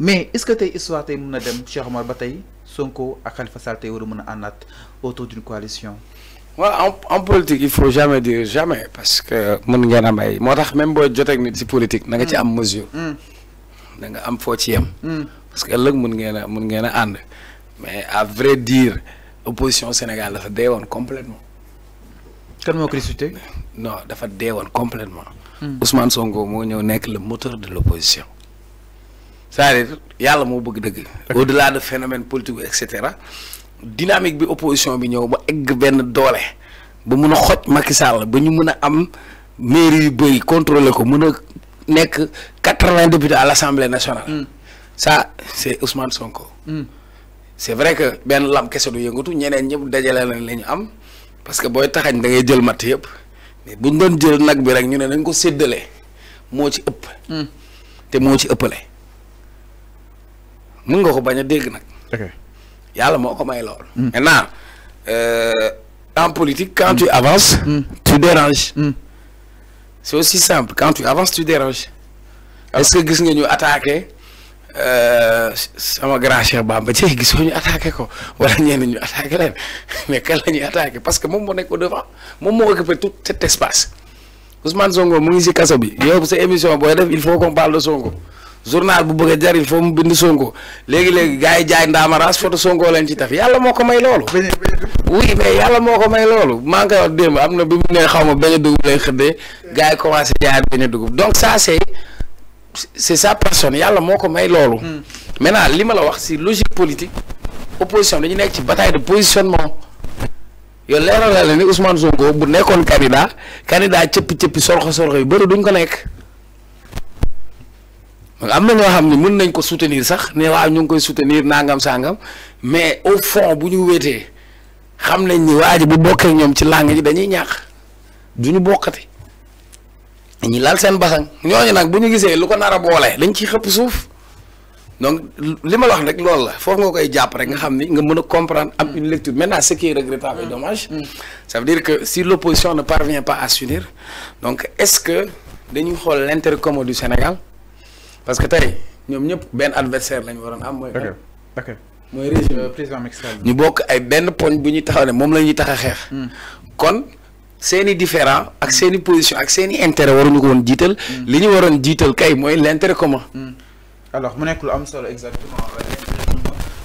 mais est-ce que tu histoire de mën na dem Cheikh Omar ba Sonko ak Khalifa Sall tey war a autour d'une coalition. en politique il faut jamais dire jamais parce que mon ngeen am ay Moi, même pas jotee ak nit politique. je nga ci am mm. mesure. Je mm. nga am mm. parce que là, mon ngeen mon mën mais à vrai dire au Sénégal dafa dee woon complètement kan moo critiqué. non dafa dee woon complètement Ousmane Sonko est le moteur de l'opposition. c'est-à-dire yalla mo bëgg dëgg au delà de phénomène politique bi et cetera dynamique bi opposition bi ñëw ba egg ben doolé ba mëna xoj Macky Sall ba ñu mëna am mairie yu bëri contrôler ko mëna nek 80 députés à l'Assemblée nationale hmm. ça c'est Ousmane Sonko hmm. c'est vrai que ben lam kese du yëngatu ñeneen ñëpp dajalé nañ la am parce que boy taxañ da ngay jël mat yëpp mais buñ doon jël nak bi rek ñu né nañ ko sédélé mo ci ëpp hmm. té mo ci ëppalé mën nga ko bañ a dégg nag. yàlla moo ko may lool. Mm. maintenant euh, en politique quand mm. tu avances. Mm. tu déranges. c'est aussi simple quand tu avances tu déranges. Ah. est-ce que gis nga ñu attaqué euh, sama grand Cheikh Bamba Dièye gisoo ñu attaqué ko wala ñenn ñu attaqué mais kan la ñuy attaqué parce que moom moo nekk au devant moom moo occupé tout cet espace Ousmane Zongo mu ngi si kaso bi yow sa émission booy def il faut qu'on parle de Zongo. journal bu bëgg a jariñ foo mu bind Sonko léegi léegi gars yi jaay ndaamaraas photo Sonko leen ci taf yàlla moo ko may loolu. oui mais yàlla moo ko may loolu maa ngi démb am na bi mu ne xaw ma benn dugub lay xëddee gars yi commencé jaay benn dugub donc ça c' est c' est yàlla moo ko may loolu. Hmm. maintenant li ma la wax si logique politique opposition dañu nekk ci bataille de positionnement yow leeral la ni Ousmane Sonko bu nekkoon candidat candidat cëppi cëppi sorxo sorxo yu bëri duñ ko nekk. amna na ñoo xam mën nañ ko soutenir sax né wa ñu ngi koy soutenir nangam sangam mais au fond bu ñu wéetee xam nañ ni waji ji bu bokkee ñom ci langue ji dañuy ñàkk duñu bokkati ñi laal seen basang ñooñu nak bu ñu gisee lu ko nar boole dañ ci xëpp suuf donc li ma wax rek lool la foofu nga koy jàpp rek nga xam ni nga mën a comprendre am une lecture maintenant ce qui est regrettable et mm. dommage mm. ça veut dire que si l'opposition ne parvient pas à s'unir donc est-ce que dañuy xool l'intérêt commun du Sénégal parce que tey ñoom ñëpp benn adversaire lañu waroon am. mooy ok ok mooy régime euh, président ñu bokk ay benn poñ bu ñuy taxaw ne moom la ñuy tax a xeex. Hmm. kon seen i différent ak seen i position ak seen i intérêt waruñu ko woon jiital. Hmm. li ñu waroon jiital kay mooy l' intérêt commun. Hmm. alors mu nekk lu am solo exactement. Euh,